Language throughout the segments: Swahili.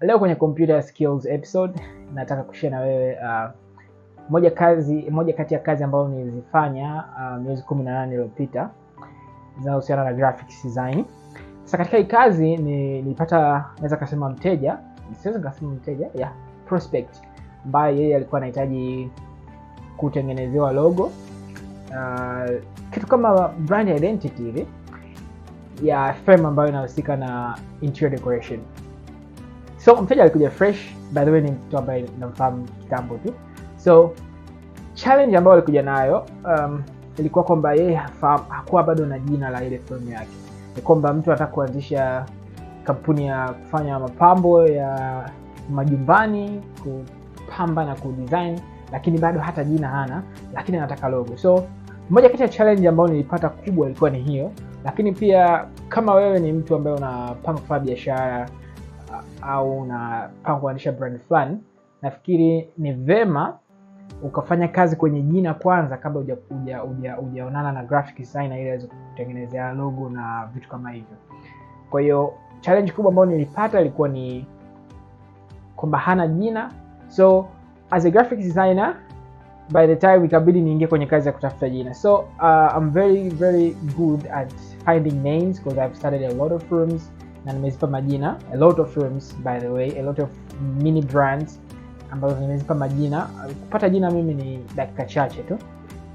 Leo kwenye computer skills episode nataka kushare na wewe uh, moja kazi moja kati ya kazi ambayo nilizifanya uh, miezi 18 iliyopita zinazohusiana na graphics design. Sasa katika hii kazi nilipata ni naweza kusema mteja, siwezi kusema mteja, ya yeah, prospect ambaye yeye alikuwa anahitaji kutengenezewa logo uh, kitu kama brand identity ile ya firm ambayo inahusika na interior decoration. So mteja um, alikuja fresh, by the way ni mtu ambaye namfahamu kitambo tu. So challenge ambayo alikuja nayo um, ilikuwa kwamba yeye hakuwa bado na jina la ile firm yake, ni kwamba mtu anataka kuanzisha kampuni ya kufanya mapambo ya majumbani, kupamba na kudesign, lakini bado hata jina hana, lakini anataka logo. So moja kati ya challenge ambayo nilipata kubwa ilikuwa ni hiyo, lakini pia kama wewe ni mtu ambaye unapanga kufanya biashara au unapanga kuanzisha brand fulani, nafikiri ni vema ukafanya kazi kwenye jina kwanza kabla hujaonana na graphic designer ili aweze kutengenezea logo na vitu kama hivyo. Kwa hiyo challenge kubwa ambayo nilipata ilikuwa ni kwamba hana jina, so as a graphic designer by the time ikabidi niingie kwenye kazi ya kutafuta jina. So uh, I'm very very good at finding names because I've studied a lot of firms na nimezipa majina a lot of firms, by the way, a lot of mini brands ambazo nimezipa majina. Kupata jina mimi ni dakika chache tu,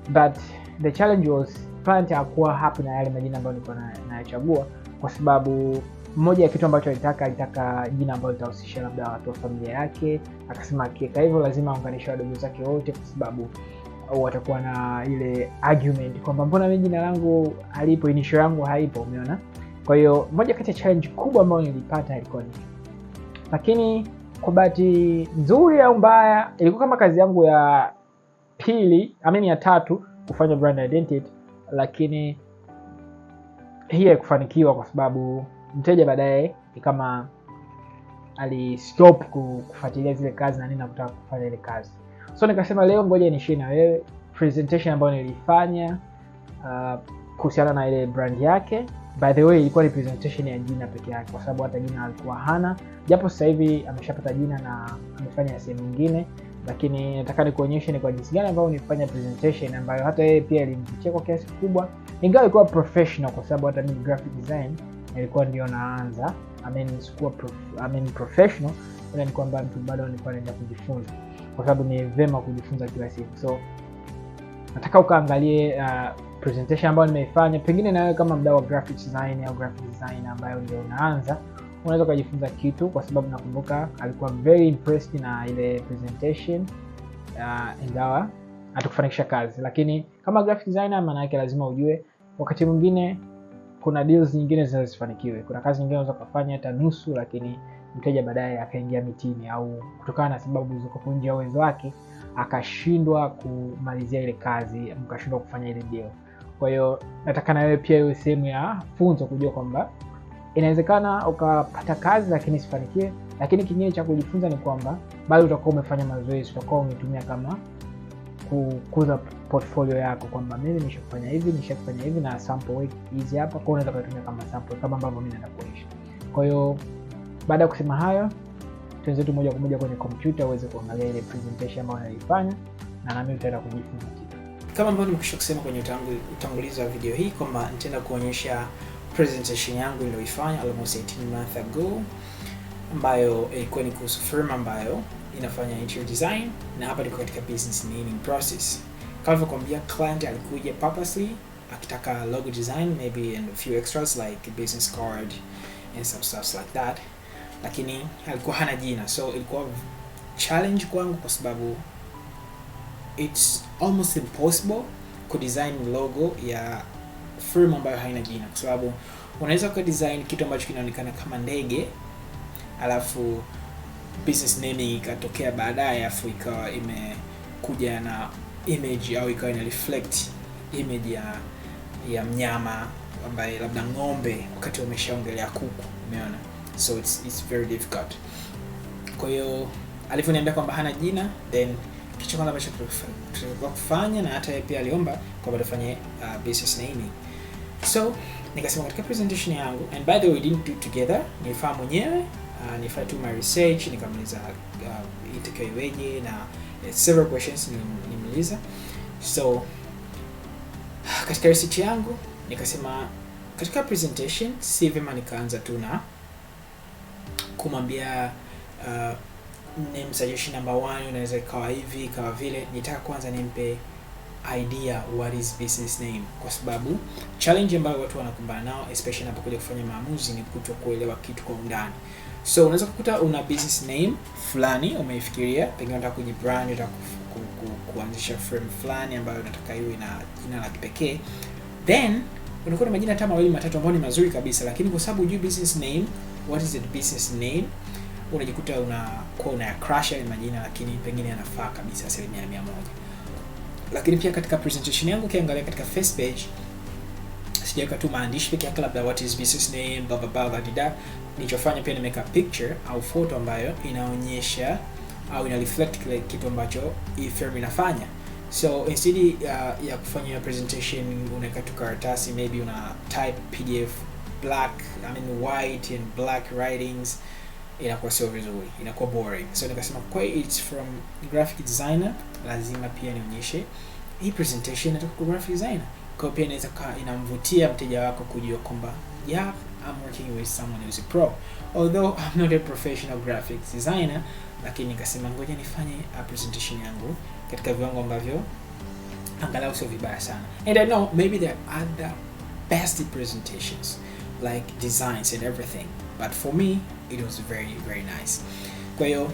but the challenge was client hakuwa happy na yale majina ambayo nilikuwa nayachagua, kwa sababu mmoja ya kitu ambacho alitaka alitaka jina ambalo litahusisha labda watu wa familia yake. Akasema akiweka hivyo lazima aunganishe wadogo zake wote, kwa sababu watakuwa na ile argument kwamba mbona mimi jina langu halipo, initial yangu haipo, umeona. Kwa hiyo moja kati ya challenge kubwa ambayo nilipata ilikuwa ni, lakini kwa bahati nzuri au mbaya, ilikuwa kama kazi yangu ya pili amini ya tatu kufanya brand identity, lakini hii haikufanikiwa kwa sababu mteja baadaye ni kama alistop kufuatilia zile kazi na nini na kutaka kufanya ile kazi. So nikasema leo ngoja nishie na wewe presentation ambayo nilifanya uh, kuhusiana na ile brand yake by the way ilikuwa ni ya jina peke yake, kwa sababu hata jina alikuwa hana, japo sasa hivi ameshapata jina na amefanya sehemu nyingine, lakini nataka nikuonyeshe ni kwa jinsi gani ambayo nifanya presentation ambayo hata yeye pia ilimvutia kwa kiasi kikubwa, ingawa ilikuwa professional, kwa sababu hata mii graphic design ilikuwa ndio naanza. I sikuwa prof, professional, ila ni kwamba mtu bado nilikuwa naenda kujifunza, kwa sababu ni vema kujifunza kila siku so nataka ukaangalie uh, presentation ambayo nimeifanya, pengine nawe kama mdau wa graphic design au graphic design ambayo ndio unaanza unaweza ukajifunza kitu, kwa sababu nakumbuka alikuwa very impressed na ile presentation uh, ingawa atakufanikisha kazi. Lakini kama graphic designer, maana yake lazima ujue, wakati mwingine kuna deals nyingine zinazofanikiwe kuna kazi nyingine unaweza kufanya hata nusu, lakini mteja baadaye akaingia mitini, au kutokana na sababu zilizoko uwezo wake akashindwa kumalizia ile kazi, mkashindwa kufanya ile deal. Kwa hiyo nataka na wewe pia iwe sehemu ya funzo, kujua kwamba inawezekana ukapata kazi lakini sifanikie lakini kingine cha kujifunza ni kwamba bado utakuwa umefanya mazoezi, utakuwa umetumia kama kukuza portfolio yako, kwamba mimi nishafanya hivi, nishafanya hivi na sample hizi hapa, kwao unaweza kutumia kama sample, kama ambavyo mimi nenda kuishi. Kwa hiyo baada ya kusema hayo tuenzetu moja kwa moja kwenye kompyuta uweze kuangalia ile presentation ambayo naifanya na nami utaenda kujifunza kitu. Kama ambavyo nimekisha kusema kwenye utangulizi wa video hii kwamba nitaenda kuonyesha presentation yangu niliyoifanya almost 18 months ago ambayo ilikuwa ni kuhusu firm ambayo inafanya interior design, na hapa niko katika business naming process. Kama nilivyokuambia, client alikuja purposely akitaka logo design maybe and a few extras like business card and some stuff like that lakini alikuwa hana jina, so ilikuwa challenge kwangu kwa sababu it's almost impossible design logo ya firm ambayo haina jina, kwa sababu unaweza design kitu ambacho kinaonekana kama ndege alafu business name ikatokea baadaye, afu ikawa imekuja na image au ikawa ina reflect image ya ya mnyama ambaye labda ng'ombe, wakati umeshaongelea kuku, umeona so it's, it's very difficult. Kwa hiyo alivyoniambia kwamba hana jina, then kicho kwanza ambacho tulikuwa kufanya na hata yeye pia aliomba kwamba tufanye uh, business na nini, so nikasema katika presentation yangu, and by the way we didn't do together, nilifaa mwenyewe uh, nilifanya tu my research nikamuliza uh, itakiwa e iweje na uh, several questions nimuuliza, so katika research yangu nikasema katika presentation si vyema nikaanza tu na kumwambia uh, name suggestion number one unaweza ikawa hivi ikawa vile. Nitaka kwanza nimpe idea what is business name, kwa sababu challenge ambayo watu wanakumbana nao especially unapokuja kufanya maamuzi ni kuto kuelewa kitu kwa undani. So unaweza kukuta una business name fulani umeifikiria, pengine unataka kujibrand, unataka ku, kuanzisha firm fulani ambayo unataka iwe na jina la kipekee, then unakuwa na majina hata mawili matatu ambayo ni mazuri kabisa, lakini kwa sababu hujui business name what is the business name, unajikuta unakuwa una crash ya majina, lakini pengine yanafaa kabisa asilimia mia moja. Lakini pia katika presentation yangu ukiangalia katika first page sijaweka tu maandishi pekee yake, labda what is business name blah blah blah dida. Nilichofanya pia nimeweka picture au photo ambayo inaonyesha au ina reflect kile kitu ambacho hii firm inafanya. So instead uh, ya kufanya presentation unaweka tu karatasi, maybe una type PDF black I mean white and black writings inakuwa sio vizuri, inakuwa boring. So nikasema kwa it's from graphic designer, lazima pia nionyeshe hii presentation inatoka kwa graphic designer, kwa pia inaweza inamvutia mteja wako kujua kwamba yeah I'm working with someone who's a pro although I'm not a professional graphic designer, lakini nikasema ngoja nifanye a presentation yangu katika viwango ambavyo angalau sio vibaya sana, and I know maybe there are other best presentations like designs and everything but for me it was very very nice kwa hiyo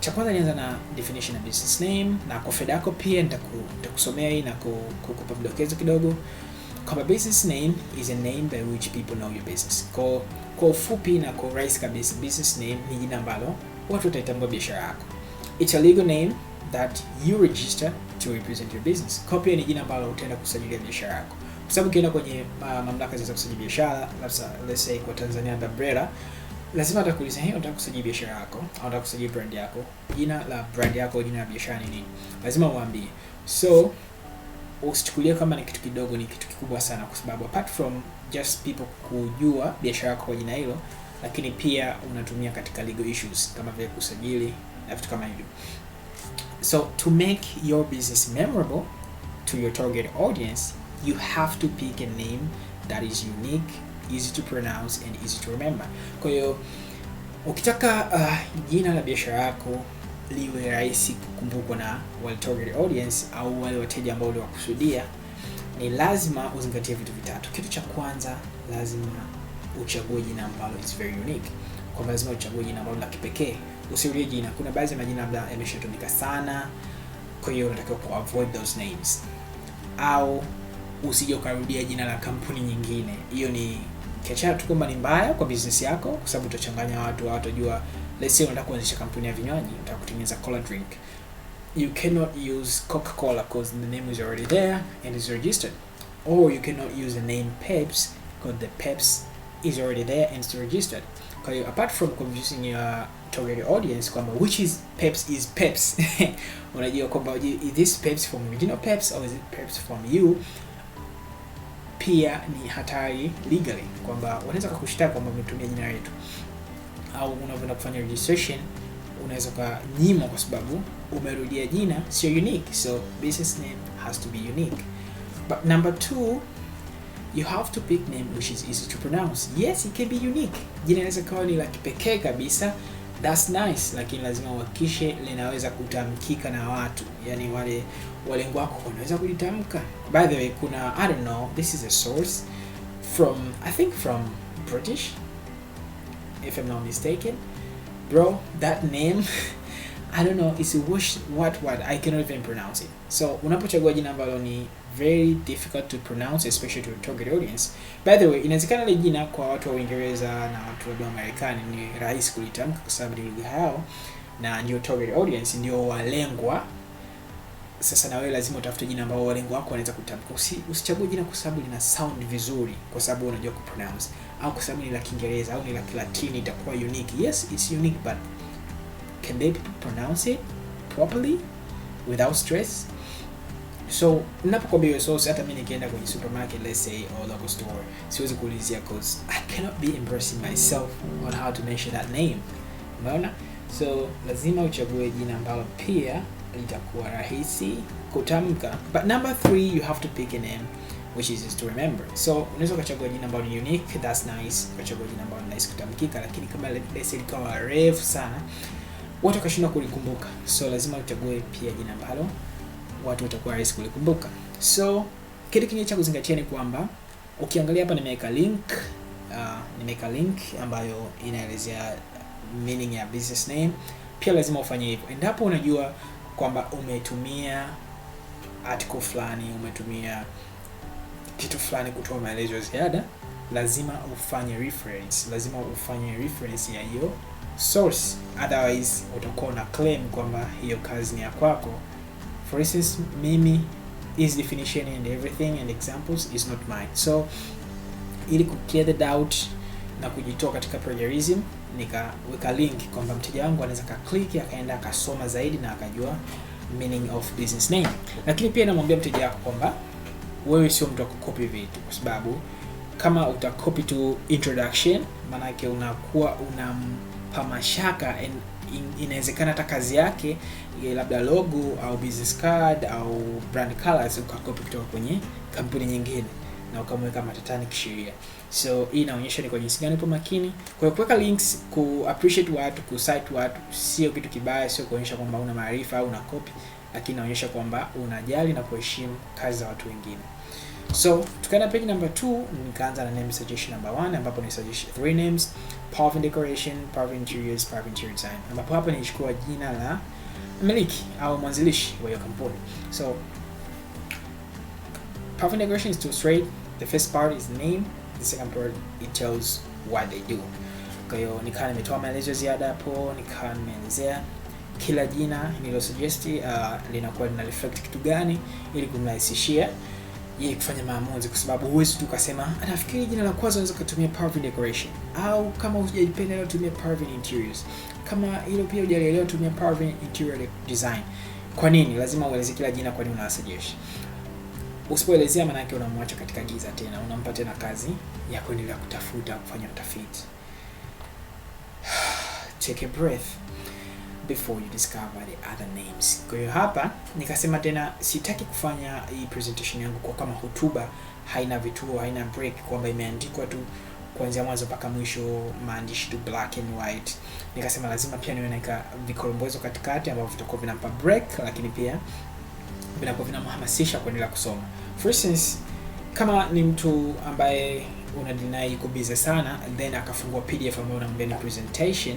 cha kwanza nianza na definition ya business name na kwa faida yako pia nitakusomea hii na kukupa vidokezo kidogo kwamba business name is a name by which people know your business kwa kwa ufupi na kwa urahisi kabisa business name ni jina ambalo watu wataitambua biashara yako it's a legal name that you register to represent your business kwa pia ni jina ambalo utaenda kusajilia biashara yako kwa sababu ukienda kwenye uh, mamlaka za kusajili biashara let's say kwa Tanzania under BRELA lazima atakuuliza hey, unataka kusajili biashara yako au unataka kusajili brand yako, jina la brand yako, jina la biashara ni nini? Lazima uambie. So usichukulie kama ni kitu kidogo, ni kitu kikubwa sana, kwa sababu apart from just people kujua biashara yako kwa jina hilo, lakini pia unatumia katika legal issues kama vile kusajili na vitu kama hivyo. So to make your business memorable to your target audience you have to pick a name that is unique, easy to pronounce and easy to remember. Kwa hiyo ukitaka uh, jina la biashara yako liwe rahisi kukumbukwa na wale target audience au wale wateja ambao uliwakusudia, ni lazima uzingatie vitu vitatu. Kitu cha kwanza, lazima uchague jina ambalo is very unique, kwa lazima uchague jina ambalo la kipekee. Usiulie jina, kuna baadhi ya majina labda yameshatumika sana, kwa hiyo unatakiwa ku avoid those names au usije ukarudia jina la kampuni nyingine. Hiyo ni kiachana tu kwamba ni mbaya kwa business yako, kwa sababu utachanganya watu, hawatajua. Let's say unataka kuanzisha kampuni ya vinywaji, unataka kutengeneza cola drink, you cannot use Coca-Cola because the name is already there and is registered, or you cannot use the name Peps because the Peps is already there and is registered. Kwa hiyo apart from confusing your target audience kwamba which is Peps is Peps unajua kwamba is this Peps from original Peps or is it Peps from you pia ni hatari legally, kwamba wanaweza kukushtaki kwamba umetumia jina letu au unavyoenda kufanya registration unaweza ukanyima kwa sababu umerudia jina sio unique, so business name has to be unique. But number two, you have to pick name which is easy to pronounce. Yes, it can be unique. Jina inaweza kawa ni la kipekee kabisa that's nice, lakini lazima uhakikishe linaweza kutamkika na watu, yani wale walengo wako wanaweza kulitamka. By the way, kuna I don't know, this is a source from I think from British if I'm not mistaken, bro, that name I don't know, it's what what I cannot even pronounce it. So unapochagua jina ambalo ni very difficult to pronounce especially to a target audience. By the way, inawezekana ile jina kwa watu wa Uingereza na watu wa Marekani ni rahisi kulitamka kwa sababu ni lugha yao na ndio target audience, ndio walengwa. Sasa na wewe lazima utafute jina ambao walengwa wako wanaweza kutamka. Usi, usichague jina kwa sababu lina sound vizuri, kwa sababu unajua kupronounce au kwa sababu ni la Kiingereza au ni la Kilatini itakuwa unique. Yes, it's unique but can they pronounce it properly without stress? So ninapokwambia hiyo source, hata mimi nikienda kwenye supermarket let's say or local store, siwezi kuulizia cause I cannot be impressing myself on how to mention that name. Umeona? So lazima uchague jina ambalo pia litakuwa rahisi kutamka. But number three, you have to pick a name which is just to remember. So unaweza ukachagua jina ambalo ni unique, that's nice. Ukachagua jina ambalo nice kutamkika, lakini kama let's say likawa refu sana, watu wakashindwa kulikumbuka. So lazima uchague pia jina ambalo watu watakuwa rahisi kulikumbuka. So kitu kingine cha kuzingatia ni kwamba ukiangalia hapa nimeweka link uh, nimeweka link ambayo inaelezea meaning ya business name. Pia lazima ufanye hivyo endapo unajua kwamba umetumia article fulani, umetumia kitu fulani kutoa maelezo ya ziada, lazima ufanye reference, lazima ufanye reference ya hiyo source, otherwise utakuwa una claim kwamba hiyo kazi ni ya kwako for instance mimi his definition and everything and examples is not mine so ili kuclear the doubt na kujitoa katika plagiarism nikaweka link kwamba mteja wangu anaweza kaclick akaenda akasoma zaidi na akajua meaning of business name lakini pia namwambia mteja wako kwamba wewe sio mtu wa kukopi vitu kwa sababu kama utakopi tu introduction maanake unakuwa unampa mashaka and inawezekana hata kazi yake eh, labda logo au business card au brand colors ukakopi kutoka kwenye kampuni nyingine na ukamweka matatani kisheria. So hii inaonyesha ni kwa jinsi gani upo makini. Kwa kuweka links, ku appreciate watu, ku cite watu sio kitu kibaya, sio kuonyesha kwamba una maarifa au una copy, lakini inaonyesha kwamba unajali na kuheshimu kazi za watu wengine. So tukaenda page number 2, nikaanza na name suggestion number 1 ambapo ni suggestion three names Parvin Decoration, Parvin Interiors, Parvin Interior Design, ambapo hapa nilichukua jina la mmiliki au mwanzilishi wa hiyo kampuni. So Parvin Decoration is too straight. The first part is name, the second part it tells what they do. Kwa hiyo nikaa nimetoa maelezo ziada hapo, nikaa nimeelezea kila jina nilo suggest uh, linakuwa lina reflect kitu gani ili kumrahisishia yeye kufanya maamuzi, kwa sababu huwezi tu ukasema. Nafikiri jina la kwanza unaweza ukatumia Parvin Decoration, au kama hujaipenda leo tumia Parvin Interiors. Kama hilo pia hujalielewa, tumia Parvin Interior Design. Kwa nini lazima ueleze kila jina? Kwa nini unawasuggest? Usipoelezea maana yake unamwacha katika giza tena, unampa tena kazi ya kuendelea kutafuta, kufanya utafiti. Take a breath before you discover the other names. Kwa hiyo hapa nikasema tena sitaki kufanya hii presentation yangu kwa kama hotuba, haina vituo, haina break, kwamba imeandikwa tu kuanzia mwanzo mpaka mwisho, maandishi tu black and white. Nikasema lazima pia niwe naika vikorombozo katikati ambavyo vitakuwa vinampa break, lakini pia vinakuwa vinamhamasisha kuendelea kusoma. For instance, kama ni mtu ambaye unadinai yuko busy sana then akafungua PDF ambayo unamwambia ni presentation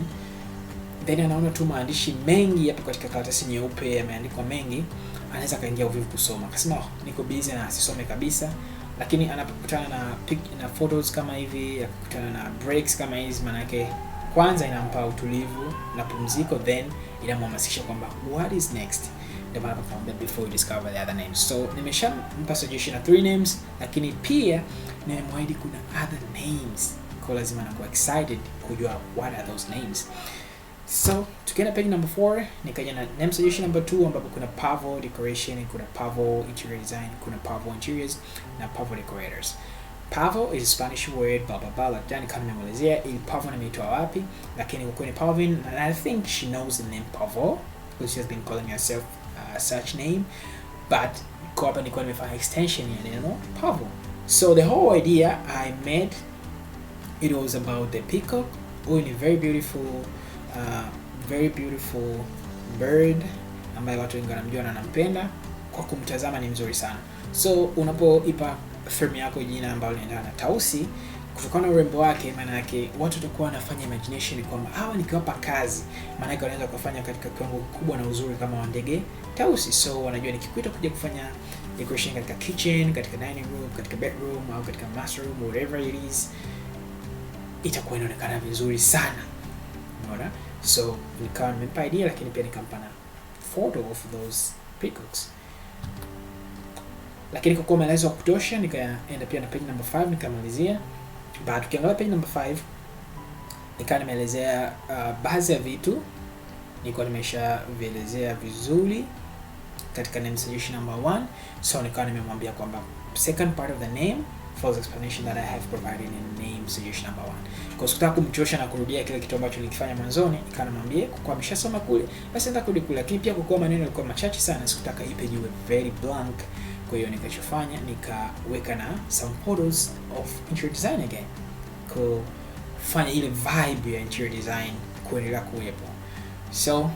then anaona tu maandishi mengi hapo katika karatasi nyeupe, yameandikwa mengi, anaweza akaingia uvivu kusoma, akasema oh, niko busy na asisome kabisa. Lakini anapokutana na pic, na photos kama hivi, akakutana na breaks kama hizi, maana yake kwanza inampa utulivu na pumziko, then inamhamasisha kwamba what is next. Ndio maana tunakwambia before you discover the other names. So nimeshampa suggestion na three names, lakini pia nimemwahidi kuna other names, kwa lazima anakuwa excited kujua what are those names. So tukienda page number 4 nikaja na name suggestion number 2 ambapo kuna Pavo decoration, kuna Pavo interior design, kuna Pavo interiors na Pavo decorators. Pavo is Spanish word blah blah kama nimeelezea ili Pavo nimeitoa wapi, lakini kwa kweli Palvin and I think she knows the name Pavo because she has been calling herself uh, such name but kwa nilikuwa nimefanya extension ya neno Pavo. So the whole idea I made it was about the peacock. Oh, in a very beautiful very beautiful bird ambaye watu wengi wanamjua na anampenda kwa kumtazama ni mzuri sana. So unapoipa film yako jina ambayo linaendana na tausi kutokana na urembo wake, maana yake watu watakuwa wanafanya imagination kwamba hawa nikiwapa kazi, maanake wanaweza kufanya katika kiwango kikubwa na uzuri kama wa ndege tausi. So wanajua nikikuita kuja kufanya decoration katika kitchen, katika dining room, katika bedroom au katika master room, whatever it is, itakuwa inaonekana vizuri sana, unaona. So nikawa nimempa idea, lakini pia nikampa na photo of those peacocks. Lakini kwa kuwa maelezo ya kutosha, nikaenda pia na page number 5 nikamalizia. Baada tukiangalia page number 5 nikawa nimeelezea uh, baadhi ya vitu nilikuwa nimesha vielezea vizuri katika name suggestion number 1. So nikawa nimemwambia kwamba second part of the name false explanation that I have provided in name suggestion number one. Kwa sikutaka kumchosha na kurudia kile kitu ambacho nilikifanya mwanzoni, nikawa namwambia kwa kuwa ameshasoma kule, basi nenda kurudi kule. Lakini pia kwa kuwa maneno yalikuwa machache sana, sikutaka ipe jiwe very blank. Kwa hiyo nikachofanya nikaweka na some photos of interior design again. Kufanya ile vibe ya interior design kuendelea kuwepo. So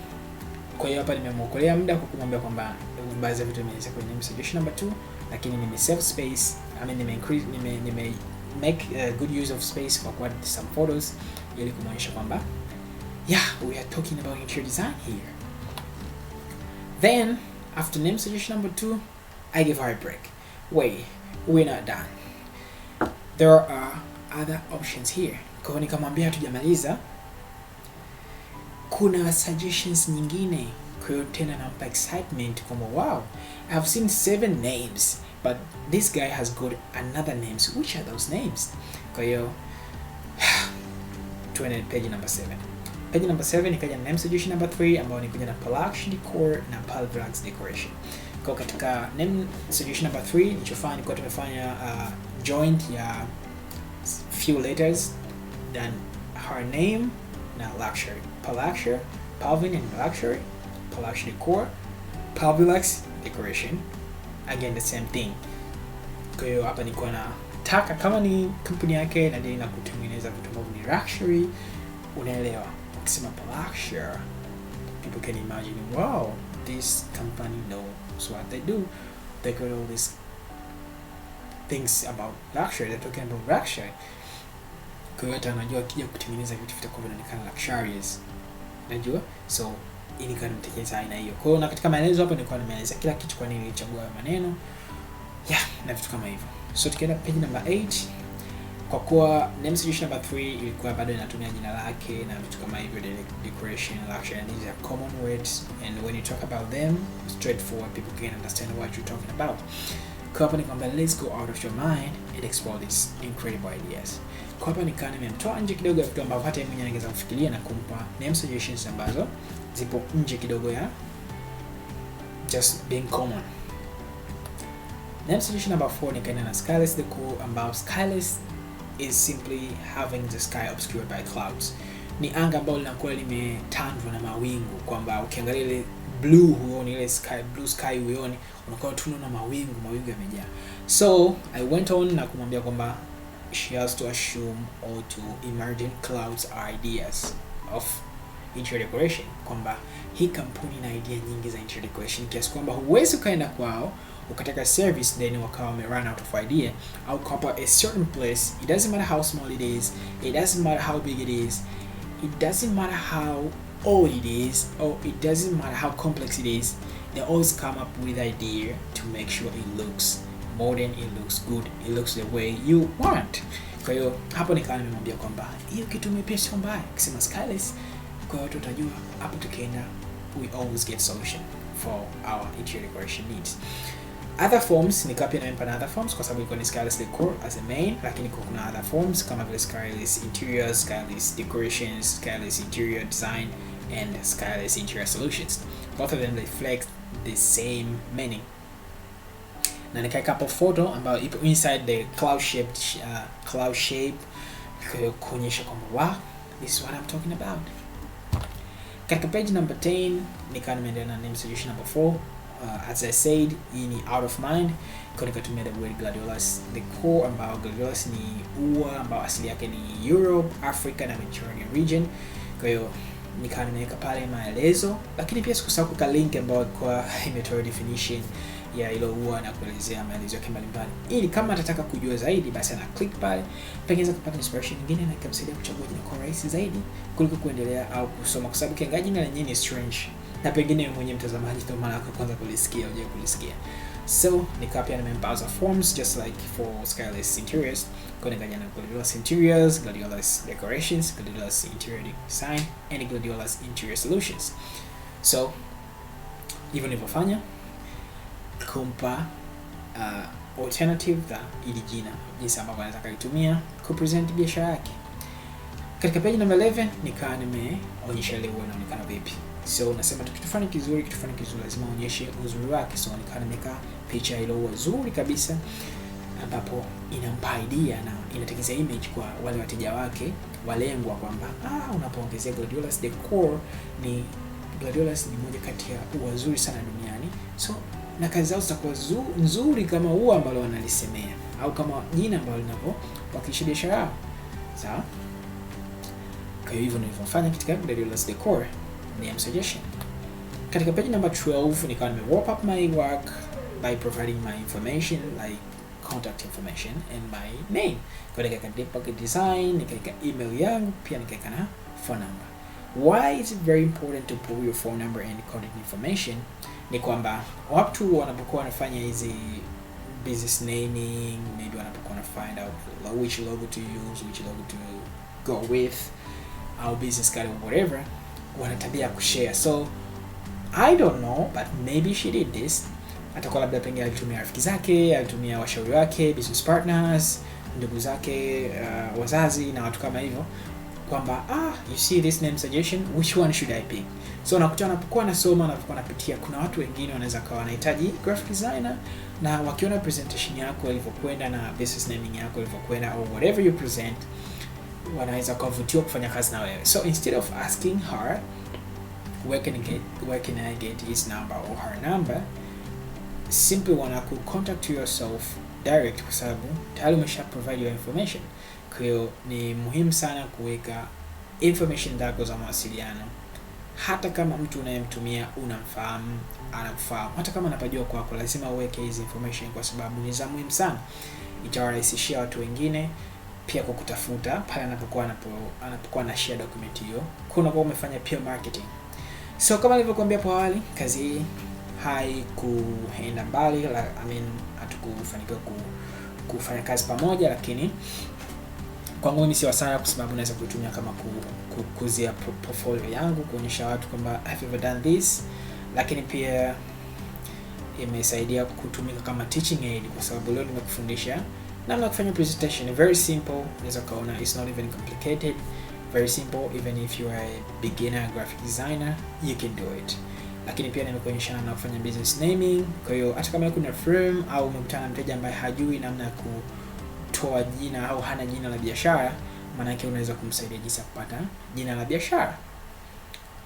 kwa hiyo hapa nimemuokolea muda kwa kumwambia kwamba baadhi ya vitu nimeweza kwenye suggestion number 2 lakini nime save space I mean, nime increase nime nime make uh, good use of space kwa kuadd some photos ili kumwonyesha kwamba yeah we are talking about interior design here. Then after name suggestion number two, I give her a break. Wait, we're not done. There are other options here. Kwa nikamwambia hatujamaliza, kuna suggestions nyingine kwa tena nampa excitement kwamba wow, I have seen seven names but this guy has got another names. Which are those names? Kwa hiyo tuende page number 7. Page number 7 ikaja name suggestion number 3 ambayo ni kuja na parallax decor na parallax decoration. Kwa katika name suggestion number 3 nilichofanya ni tumefanya uh, joint ya few letters then her name na luxury. Parallax, Palvin and luxury Palash Decor, Palvilex decoration. Again, the same thing. Kwa hiyo hapa nilikuwa na taka kama ni kampuni yake na ndio inakutengeneza vitu ambavyo ni luxury, unaelewa. Ukisema luxury, people can imagine, wow, this company knows what they do. They got all these things about luxury, they're talking about luxury. Kwa hiyo hata anajua akija kutengeneza vitu vitakuwa vinaonekana luxurious. Najua? So ili nikawa nimetekeleza aina hiyo. Kwa na katika maelezo hapo nilikuwa nimeeleza kila kitu, kwa nini nilichagua maneno ya na vitu kama hivyo. So tukienda page number 8, kwa kuwa name suggestion number 3 ilikuwa bado inatumia jina lake na vitu kama hivyo, decoration, luxury, and these are common words and when you talk about them straightforward people can understand what you're talking about. Kwa hapa nikamwambia let's go out of your mind and explore these incredible ideas. Kwa hapa nikaa nimemtoa nje kidogo ya vitu ambavyo hata yeye mwenyewe angeweza kufikiria na kumpa name suggestions ambazo zipo nje kidogo ya just being common. Name suggestion number 4 ni kaenda skyless the cool, ambao skyless is simply having the sky obscured by clouds. Ni anga ambalo linakuwa limetandwa na mawingu, kwamba ukiangalia ile blue huoni ile sky, blue sky huoni, unakuwa tu na mawingu, mawingu yamejaa. So I went on na kumwambia kwamba she has to assume or to imagine clouds ideas of interior decoration, kwamba hii kampuni ina idea nyingi za interior decoration kiasi kwamba huwezi ukaenda kwao ukataka service then wakawa wame run out of idea au kwamba a certain place it doesn't matter how small it is it doesn't matter how big it is it doesn't matter how old it is or it doesn't matter how complex it is they always come up with idea to make sure it looks modern it looks good it looks the way you want kwa hiyo hapo nikawa nimemwambia kwamba hiyo kitu mepia sio mbaya kusema skyless kwa hiyo tutajua hapo tukienda, we always get solution for our interior decoration needs. Other forms ni kapi na pana other forms kwa sababu iko ni Skylights Decor as a main, lakini kuna other forms kama vile skyless Interior, skyless Decorations, skyless Interior Design and skyless Interior Solutions. Both of them reflect the same meaning na ni nikaweka hapo photo ambayo ipo inside the cloud shaped uh, cloud shape kuonyesha kwamba wow, this is what I'm talking about. Katika page number 10 nikawa nimeendelea na name solution number 4. Uh, as I said, hii ni out of mind kwa nikatumia the word gladiolus core ambao gladiolus ni ua ambao asili yake ni Europe, Africa na Mediterranean region. Kwa hiyo nikawa nimeweka pale maelezo, lakini pia sikusahau kuweka link ambayo kwa imetoa definition ya hilo ua na kuelezea maelezo yake mbalimbali, ili kama atataka kujua zaidi, basi ana click pale, pengeza kupata inspiration nyingine na ikamsaidia kuchagua jina kwa rahisi zaidi kuliko kuendelea au kusoma, kwa sababu kiangaji jina lenyewe ni strange na pengine wewe mwenyewe mtazamaji ndio mara yako kwanza kulisikia, hujai kulisikia. So ni nikawa pia nimempaza forms just like for Skyless Interiors, Kuna kuangalia Gladiolus Interiors, Gladiolus Decorations, Gladiolus Interior Design and Gladiolus Interior Solutions. So hivyo nilivyofanya kumpa uh, alternative za ili jina, jinsi ambavyo anaweza akalitumia kupresent biashara yake. Katika page number 11 nikaa nimeonyesha ile inaonekana vipi. So unasema tu kitu fulani kizuri, kitu fulani kizuri lazima uonyeshe uzuri wake. So nikaa nimeka picha ile huwa nzuri kabisa ambapo inampa idea na inatengeza image kwa wale wateja wake walengwa kwamba ah, unapoongezea Gladiolus Decor ni Gladiolus ni moja kati ya wazuri sana duniani so na kazi zao zitakuwa nzuri kama huo ambalo wanalisemea au kama jina ambalo linavyowakilisha biashara yao. Sawa? Kwa hiyo hivyo nilivyofanya katika Daedalus Decor name suggestion. Katika page number 12 nikawa nime wrap up my work by providing my information like contact information and my name. Kwa nikaweka deep design, nikaweka email yangu, pia nikaweka na phone number. Why is it very important to pull your phone number and contact information ni kwamba watu wanapokuwa wanafanya hizi business naming, maybe wanapokuwa wana find out which logo to use, which logo to go with au business card or whatever, wana tabia ya kushare. So I don't know but maybe she did this. Atakuwa labda pengine alitumia rafiki zake, alitumia washauri wake, business partners, ndugu zake, uh, wazazi na watu kama hivyo kwamba ah, you see this name suggestion, which one should I pick? So unakuta unapokuwa nasoma unapokuwa napitia, kuna watu wengine wanaweza kuwa wanahitaji graphic designer, na wakiona presentation yako ilivyokwenda na business naming yako ilivyokwenda au whatever you present, wanaweza kuvutiwa kufanya kazi na wewe. So instead of asking her where can I get where can I get his number or her number, simply wana ku contact yourself direct, kwa sababu tayari umesha provide your information. Kwa hiyo ni muhimu sana kuweka information zako za mawasiliano hata kama mtu unayemtumia unamfahamu, anamfahamu, hata kama anapajua kwako, lazima uweke hizi information kwa sababu ni za muhimu sana. Itawarahisishia watu wengine pia kwa kutafuta pale anapokuwa anapokuwa na share document hiyo. Kuna kwa umefanya pia marketing. So kama nilivyokuambia hapo awali, kazi hii haikuenda mbali la, I mean hatukufanikiwa kufanya kazi pamoja, lakini kwangu mimi si wasana, kwa sababu naweza kuitumia kama ku, ku, kuzia portfolio yangu, kuonyesha watu kwamba I've ever done this, lakini pia imesaidia kutumika kama teaching aid, kwa sababu leo nimekufundisha namna kufanya presentation, very simple. Unaweza kaona it's not even complicated, very simple, even if you are a beginner graphic designer you can do it lakini pia nimekuonyesha namna kufanya business naming. Kwa hiyo hata kama kuna firm au umekutana na mteja ambaye hajui namna ya ku kutoa jina au hana jina la biashara, maanake unaweza kumsaidia jinsi ya kupata jina la biashara.